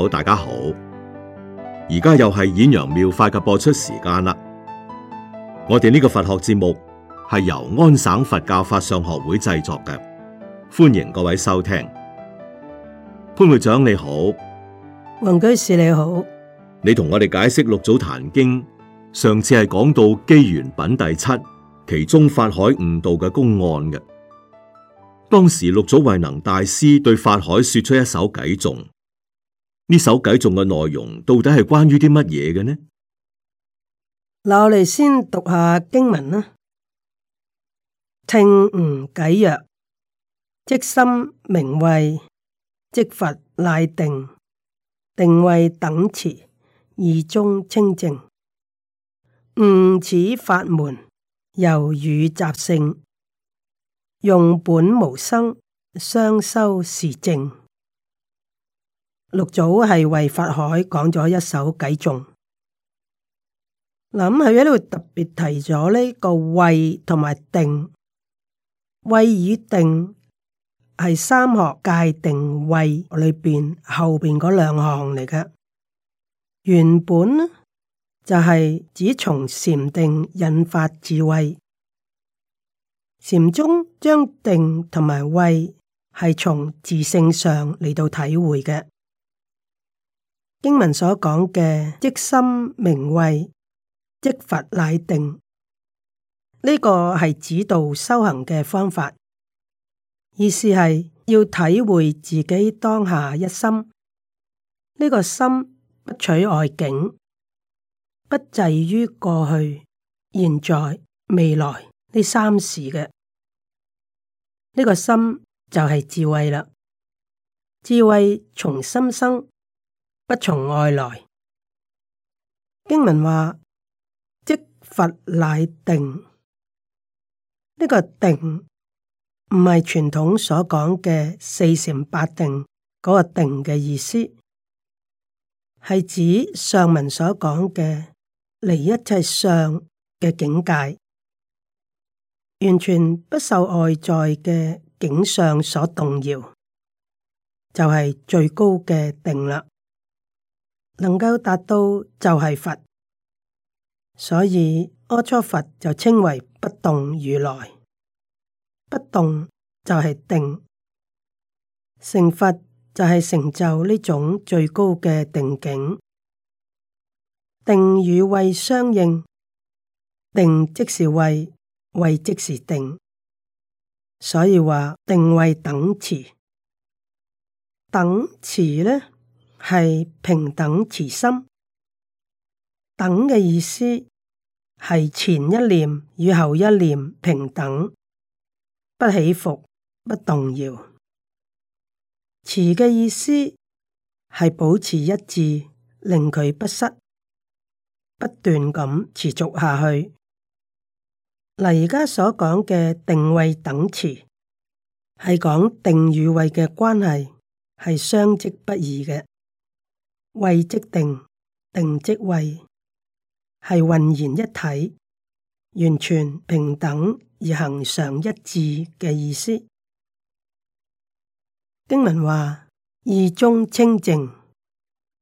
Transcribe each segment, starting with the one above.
好，大家好，而家又係演揚妙，妙法嘅播出時間啦。我哋呢個佛學節目係由安省佛教法上學會製作嘅，歡迎各位收聽。潘會長你好，雲居士你好，你同我哋解釋六祖壇經，上次係講到機緣品第七，其中法海悟道嘅公案嘅，當時六祖慧能大師對法海說出一首偈頌。呢首偈頌嘅內容到底係關於啲乜嘢嘅呢？嗱，我哋先讀下經文啦。聽吾偈曰：即心名慧，即佛賴定；定慧等持，意中清淨。悟此法門，猶如習性，用本無生，雙修是正。六祖係為法海講咗一首偈頌，嗱咁喺度特別提咗呢個慧同埋定，慧與定係三學戒定慧裏邊後邊嗰兩項嚟嘅。原本就係只從禪定引發智慧，禪宗將定同埋慧係從自性上嚟到體會嘅。英文所講嘅即心名慧，即佛乃定。呢、這個係指導修行嘅方法，意思係要體會自己當下一心。呢、這個心不取外境，不滯於過去、現在、未來呢三時嘅呢個心就係智慧啦。智慧從心生。不從外來，經文話，即佛乃定。呢、這個定唔係傳統所講嘅四禪八定嗰個定嘅意思，係指上文所講嘅離一切相嘅境界，完全不受外在嘅景象所動搖，就係、是、最高嘅定啦。能夠達到就係佛，所以阿閦佛就稱為不動如來。不動就係定，成佛就係成就呢種最高嘅定境。定與慧相應，定即是慧，慧即是定，所以話定慧等持。等持呢？係平等持心。等嘅意思係前一念與後一念平等，不起伏，不動搖。持嘅意思係保持一致，令佢不失，不斷咁持續下去。嗱，而家所講嘅定位等持，係講定與位嘅關係，係相即不二嘅。位即定，定即位，係渾然一體、完全平等而恆常一致嘅意思。經文話意中清淨，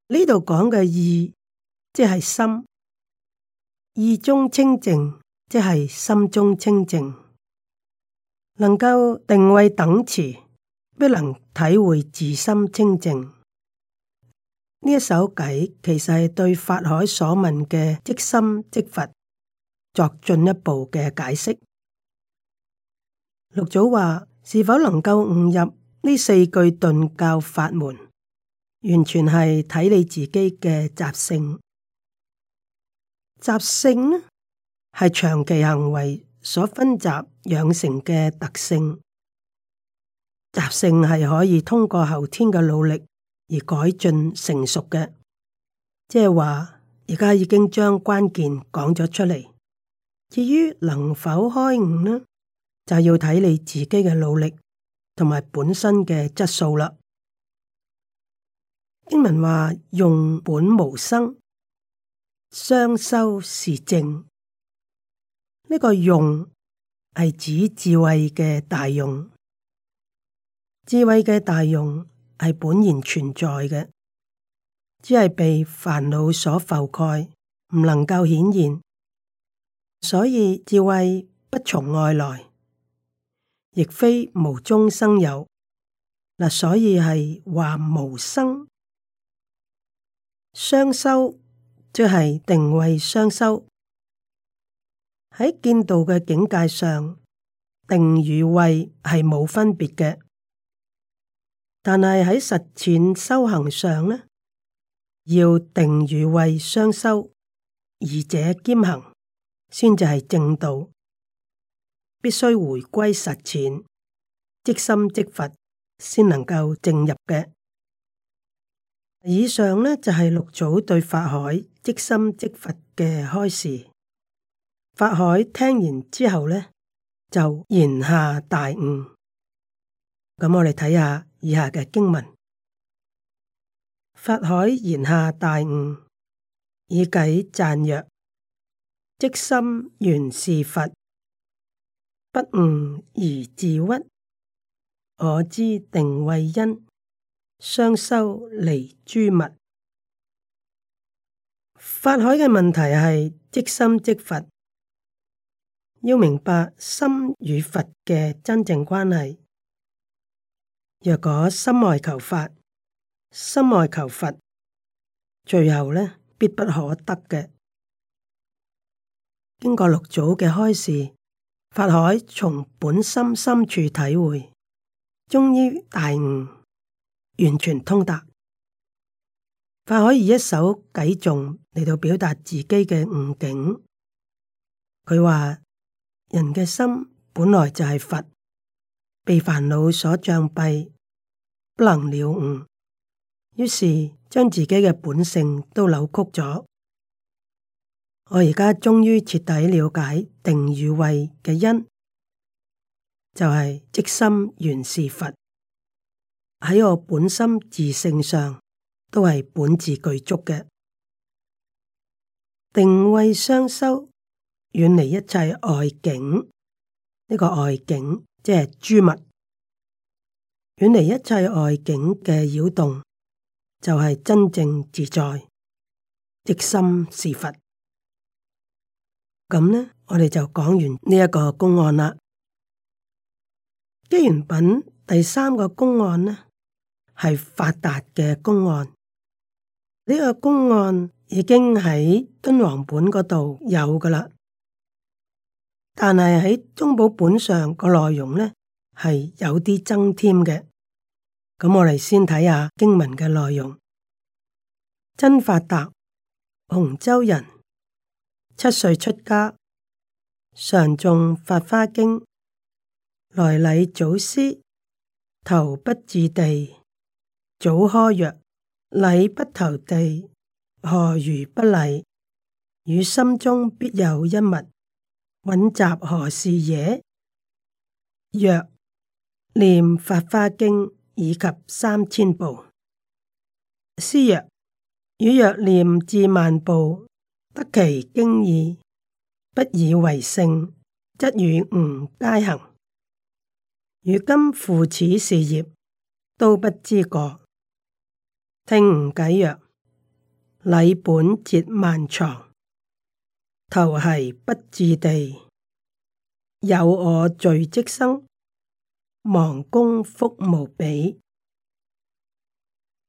呢度講嘅意即係心，意中清淨即係心中清淨，能夠定位等持，必能體會自心清淨。呢一首偈其實係對法海所問嘅即心即佛作進一步嘅解釋。六祖話：是否能夠悟入呢四句頓教法門，完全係睇你自己嘅習性。習性呢，係長期行為所分集養成嘅特性。習性係可以通過後天嘅努力。而改進成熟嘅，即係話而家已經將關鍵講咗出嚟。至於能否開悟呢，就要睇你自己嘅努力同埋本身嘅質素啦。經文話：用本無生，相修是正。呢個用係指智慧嘅大用，智慧嘅大用。係本然存在嘅，只係被煩惱所覆蓋，唔能夠顯現。所以智慧不從外來，亦非無中生有。嗱，所以係話無生雙修，即係定慧雙修。喺見道嘅境界上，定與慧係冇分別嘅。但係喺實踐修行上呢，要定與慧雙修，二者兼行，先至係正道。必須回歸實踐，即心即佛，先能夠正入嘅。以上呢就係、是、六祖對法海即心即佛嘅開示。法海聽完之後呢，就言下大悟。咁、嗯、我哋睇下。以下嘅經文，法海言下大悟，以偈讚曰：即心原是佛，不悟而自屈。我知定慧因，雙修離諸物。法海嘅問題係即心即佛，要明白心與佛嘅真正關係。若果心外求法，心外求佛，最後呢，必不可得嘅。經過六祖嘅開示，法海從本心深處體會，終於大悟，完全通達。法海以一首偈頌嚟到表達自己嘅悟境。佢話：人嘅心本來就係佛。被煩惱所障蔽，不能了悟，於是將自己嘅本性都扭曲咗。我而家終於徹底了解定與慧嘅因，就係、是、即心原是佛，喺我本心自性上都係本自具足嘅。定慧雙修，遠離一切外境，呢、這個外境。即係諸物遠離一切外境嘅擾動，就係、是、真正自在，即心是佛。咁呢，我哋就講完呢一個公案啦。《機緣品》第三個公案呢，係發達嘅公案。呢、這個公案已經喺敦煌本嗰度有噶啦。但係喺宗寶本上個內容呢，係有啲增添嘅。咁我哋先睇下經文嘅內容。僧法達，洪州人，七歲出家，常誦《法華經》，來禮祖師，頭不至地。祖呵曰：禮不投地，何如不禮？汝心中必有一物。蘊習何事耶？若念法花經以及三千部，師曰：汝若念至萬部，得其經意，不以為勝，則與吾皆行。汝今負此事業，都不知過，聽吾偈曰：禮本折慢幢。」頭系不自地，有我罪即生，亡功福無比。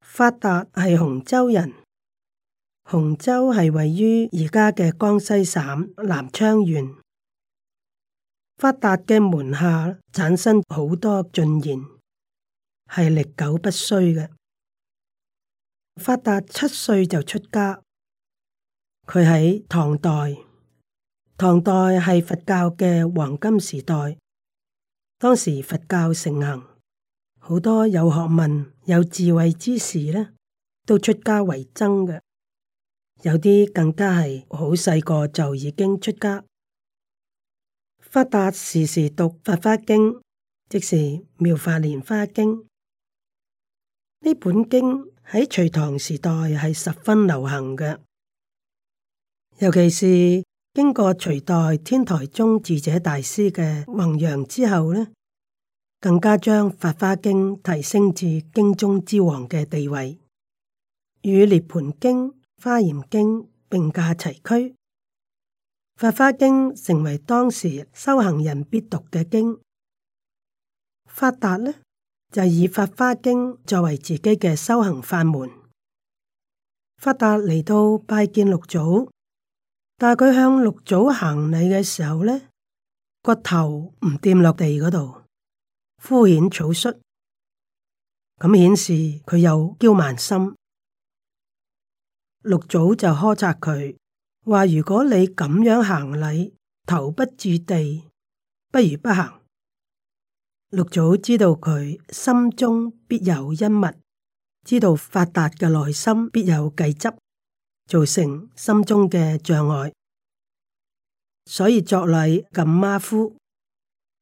法達係洪州人，洪州係位於而家嘅江西省南昌縣。法達嘅門下產生好多俊賢，係歷久不衰嘅。法達七歲就出家，佢喺唐代。唐代係佛教嘅黃金時代，當時佛教盛行，好多有學問、有智慧之士呢都出家為僧嘅。有啲更加係好細個就已經出家，法達時時讀《法華經》，即是《妙法蓮花經》呢本經喺隋唐時代係十分流行嘅，尤其是經過隋代天台宗智者大師嘅弘揚之後呢，更加將《法華經》提升至經中之王嘅地位，與《涅槃經》《華嚴經》並駕齊驅，《法華經》成為當時修行人必讀嘅經。法達呢，就以《法華經》作為自己嘅修行法門。法達嚟到拜見六祖。但係佢向六祖行禮嘅時候呢，個頭唔掂落地嗰度，敷衍草率，咁顯示佢有驕慢心。六祖就苛責佢，話如果你咁樣行禮，頭不至地，不如不行。六祖知道佢心中必有一物，知道法達嘅內心必有計執。造成心中嘅障礙，所以作禮咁馬虎。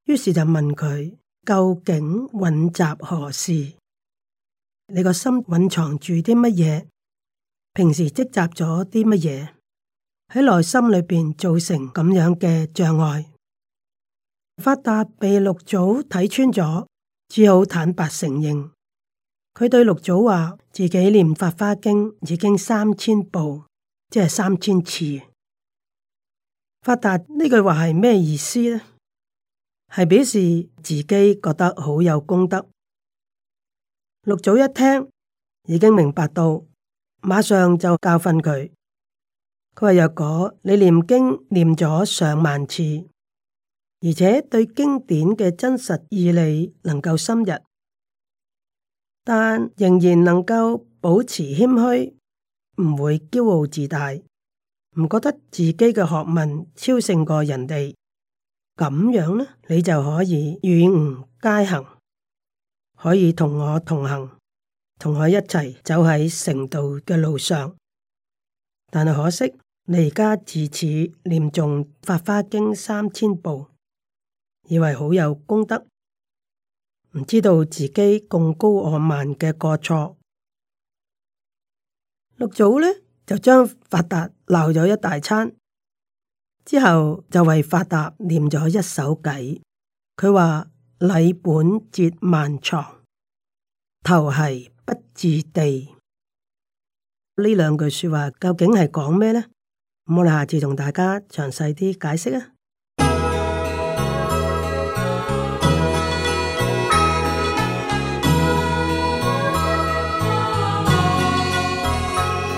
於是就問佢：究竟蘊習何事？你個心蘊藏住啲乜嘢？平時積集咗啲乜嘢？喺內心裏邊造成咁樣嘅障礙。法達被六祖睇穿咗，只好坦白承認。佢對六祖話：自己念《法花經》已經三千部，即係三千次。法達呢句話係咩意思呢？係表示自己覺得好有功德。六祖一聽，已經明白到，馬上就教訓佢。佢話：若果你念經念咗上萬次，而且對經典嘅真實義理能夠深入。但仍然能夠保持謙虛，唔會驕傲自大，唔覺得自己嘅學問超勝過人哋，咁樣呢，你就可以與吾偕行，可以同我同行，同我一齊走喺成道嘅路上。但係可惜，你而家自恃，念誦《法華經》三千部，以為好有功德。唔知道自己貢高我慢嘅過錯，六祖呢就將法達鬧咗一大餐，之後就為法達念咗一首偈。佢話禮本折慢幢，頭係不至地。呢兩句說話究竟係講咩呢？我哋下次同大家詳細啲解釋啊！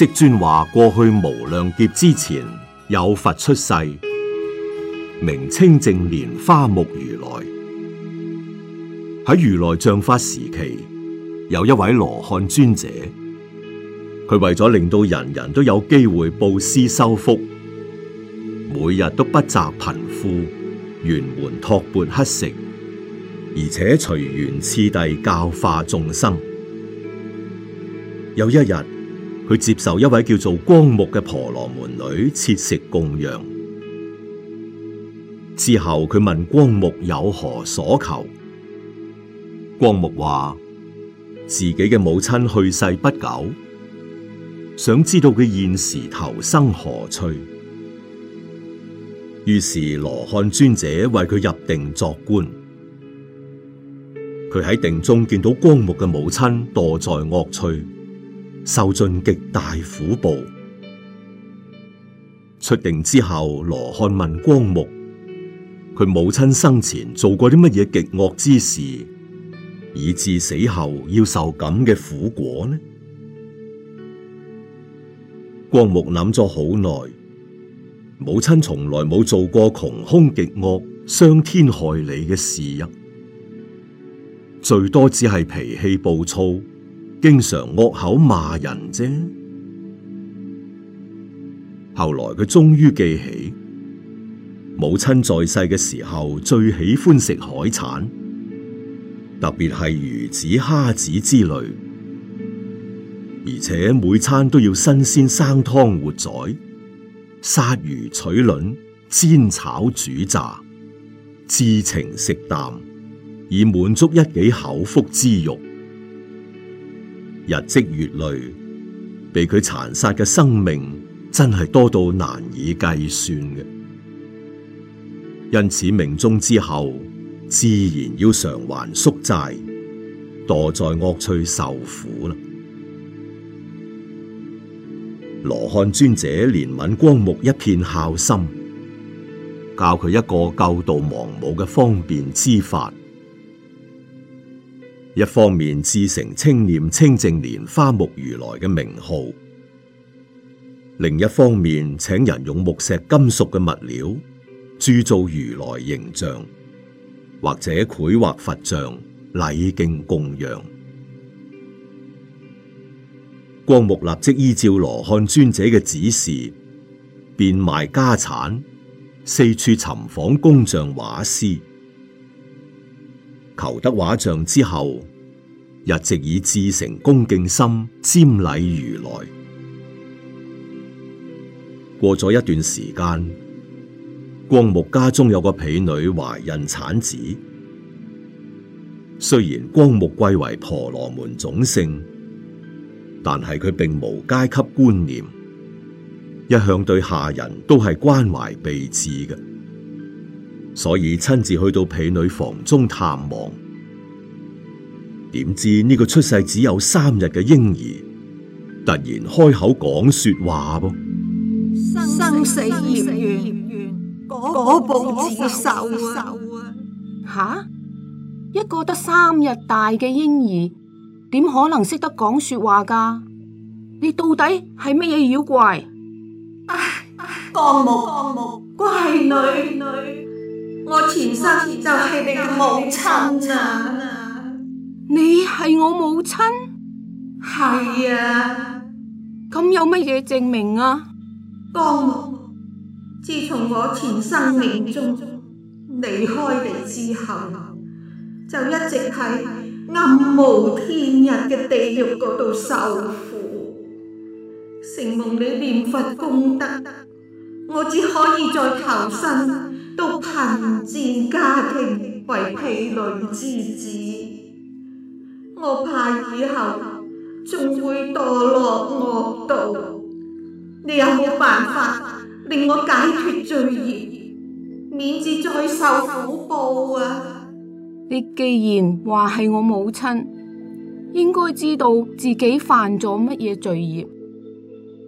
即專話過去無量劫之前有佛出世，名清淨蓮華目如來。喺如來像法時期，有一位羅漢尊者，佢為咗令到人人都有機會布施修福，每日都不擇貧富，沿門托缽乞食，而且隨緣次第教化眾生。有一日。佢接受一位叫做光目嘅婆羅門女切食供養之後，佢問光目有何所求？光目話：自己嘅母親去世不久，想知道佢現時投生何趣？於是羅漢尊者為佢入定作觀。佢喺定中見到光目嘅母親墮在惡趣。受盡極大苦報。出定之後，羅漢問光目：佢母親生前做過啲乜嘢極惡之事，以至死後要受咁嘅苦果呢？光目諗咗好耐，母親從來冇做過窮凶極惡、傷天害理嘅事啊，最多只係脾氣暴躁。經常惡口罵人啫。後來佢終於記起，母親在世嘅時候最喜歡食海產，特別係魚子、蝦子之類，而且每餐都要新鮮生湯活宰，殺魚取卵，煎炒煮炸，知情食啖，以滿足一己口腹之慾。日積月累，被佢殘殺嘅生命真係多到難以計算嘅，因此命中之後，自然要償還宿債，墮在惡趣受苦啦。羅漢尊者憐憫光目一片孝心，教佢一個救度亡母嘅方便之法。一方面自成年清廉清淨蓮花木如來嘅名號，另一方面請人用木石金屬嘅物料鑄造如來形象，或者繪畫佛像，禮敬供養。光目立即依照羅漢尊者嘅指示，變賣家產，四處尋訪工匠畫師。求得畫像之後，一直以至誠恭敬心瞻禮如來。過咗一段時間，光目家中有個婢女懷孕產子。雖然光目貴為婆羅門種姓，但係佢並冇階級觀念，一向對下人都係關懷備至嘅。所以親自去到婢女房中探望，點知呢個出世只有三日嘅嬰兒突然開口講說話噃。生死孽緣，果報自受，受啊！吓、啊，一個得三日大嘅嬰兒，點可能識得講說話㗎？你到底係乜嘢妖怪？江母，江母，乖女女。我前生就係你嘅母親啊！你係我母親？係啊！咁有乜嘢證明啊？江木，自從我前生命中離開你之後，就一直喺暗無天日嘅地獄嗰度受苦。承蒙你念佛功德，我只可以再投生。都貧賤家庭，為婢女之子，我怕以後仲會墮落惡道。你有冇辦法令我解脱罪業，免至再受苦報啊？你既然話係我母親，應該知道自己犯咗乜嘢罪業，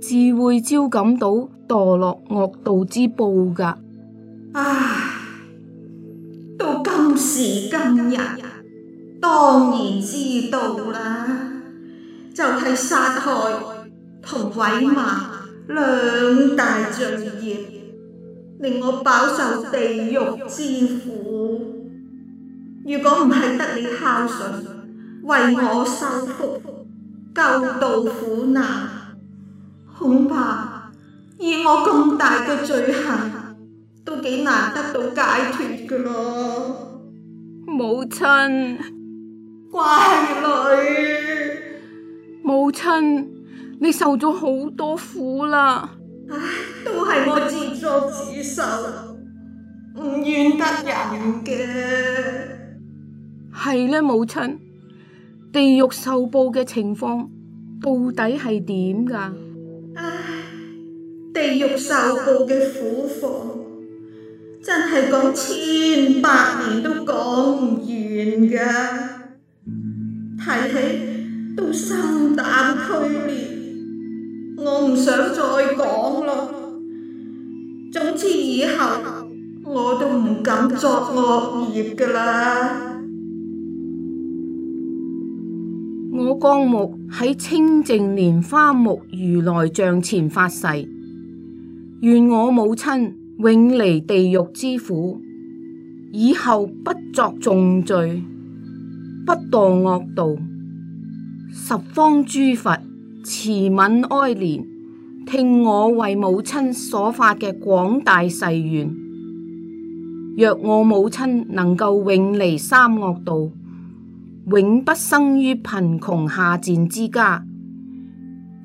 自會招感到墮落惡道之報噶。唉，到今時今日，當然知道啦，就係殺害同毀罵兩大罪孽令我飽受地獄之苦。如果唔係得你孝順，為我修福救度苦難，恐怕以我咁大嘅罪行。都幾難得到解脫噶啦，母親。乖女，母親，你受咗好多苦啦。唉，都係我自作自受，唔怨得人嘅。係呢，母親，地獄受報嘅情況到底係點噶？唉，地獄受報嘅苦況。真係講千百年都講唔完噶，提起都心膽俱裂，我唔想再講啦。總之以後我都唔敢作惡業噶啦。我江木喺清淨蓮花木如來像前發誓，願我母親。永離地獄之苦，以後不作重罪，不墮惡道。十方諸佛慈憫哀憐，聽我為母親所發嘅廣大誓願。若我母親能夠永離三惡道，永不生於貧窮下賤之家，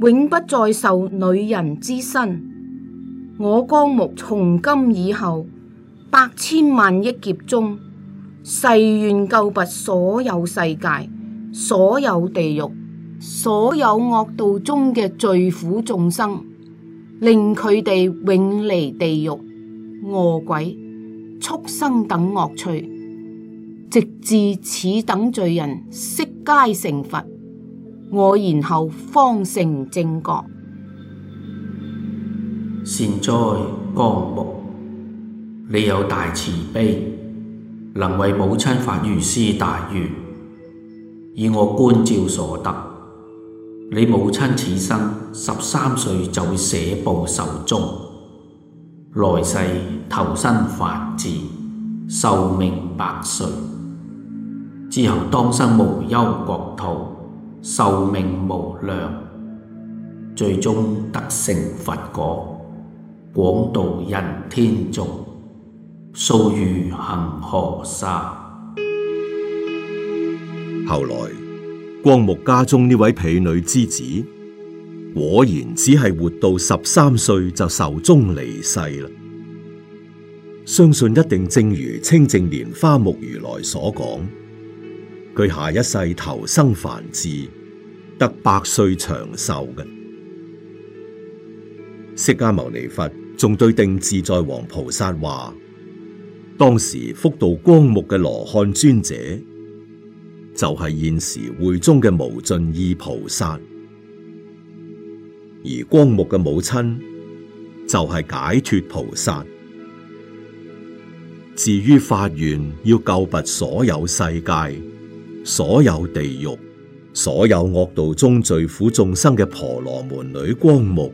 永不再受女人之身。我光目從今以後，百千萬億劫中，誓願救拔所有世界、所有地獄、所有惡道中嘅罪苦眾生，令佢哋永離地獄、餓鬼、畜生等惡趣，直至此等罪人悉皆成佛，我然後方成正覺。善哉，江木，你有大慈悲，能為母親發如是大願，以我觀照所得，你母親此生十三歲就會捨報壽終，來世投身法治，壽命百歲，之後當生無憂國土，壽命無量，最終得成佛果。廣度人天眾，數如恆河沙，後來光目家中呢位婢女之子，果然只係活到十三歲就壽終離世啦。相信一定正如清淨蓮花目如來所講，佢下一世投生梵志，得百歲長壽嘅。釋迦牟尼佛仲對定自在王菩薩話：當時福度光目嘅羅漢尊者，就係、是、現時會中嘅無盡意菩薩；而光目嘅母親，就係解脫菩薩。至於發願要救拔所有世界、所有地獄、所有惡道中最苦眾生嘅婆羅門女光目。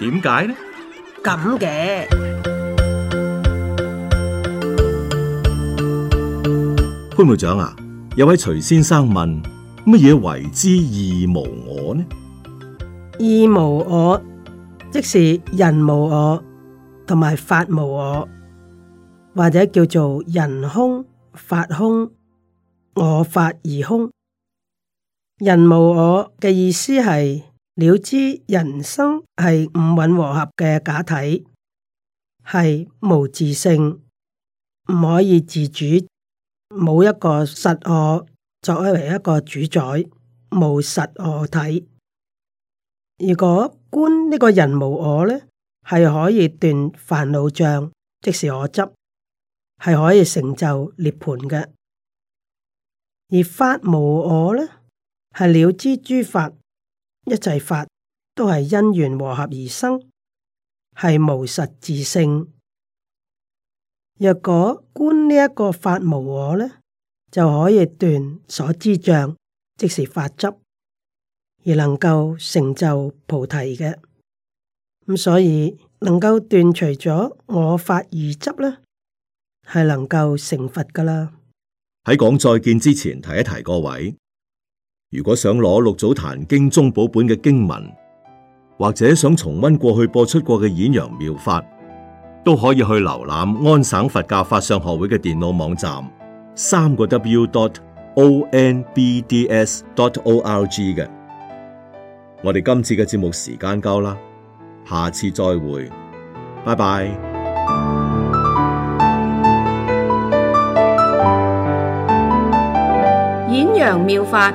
點解呢？咁嘅潘部長啊，有位徐先生問：乜嘢為之二無我呢？二無我，即是人無我，同埋法無我，或者叫做人空、法空、我法而空。人無我嘅意思係。了知人生係五蘊和合嘅假體，係無自性，唔可以自主，冇一個實我作為一個主宰，無實我體。如果觀呢個人無我咧，係可以斷煩惱障，即是我執，係可以成就涅槃嘅。而法無我咧，係了知諸法，一切法都係因緣和合而生，係無實自性。若果觀呢一個法無我呢，就可以斷所知障，即是法執，而能夠成就菩提嘅。咁所以能夠斷除咗我法二執呢，係能夠成佛噶啦。喺講再見之前，提一提各位。如果想攞六祖壇經中寶本嘅經文，或者想重溫過去播出過嘅演揚妙法，都可以去瀏覽安省佛教法相學會嘅電腦網站，三個 w dot o n b d s dot o l r g 嘅。我哋今次嘅節目時間夠啦，下次再會，拜拜。演揚妙法。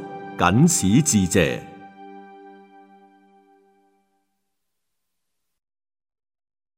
僅此致謝。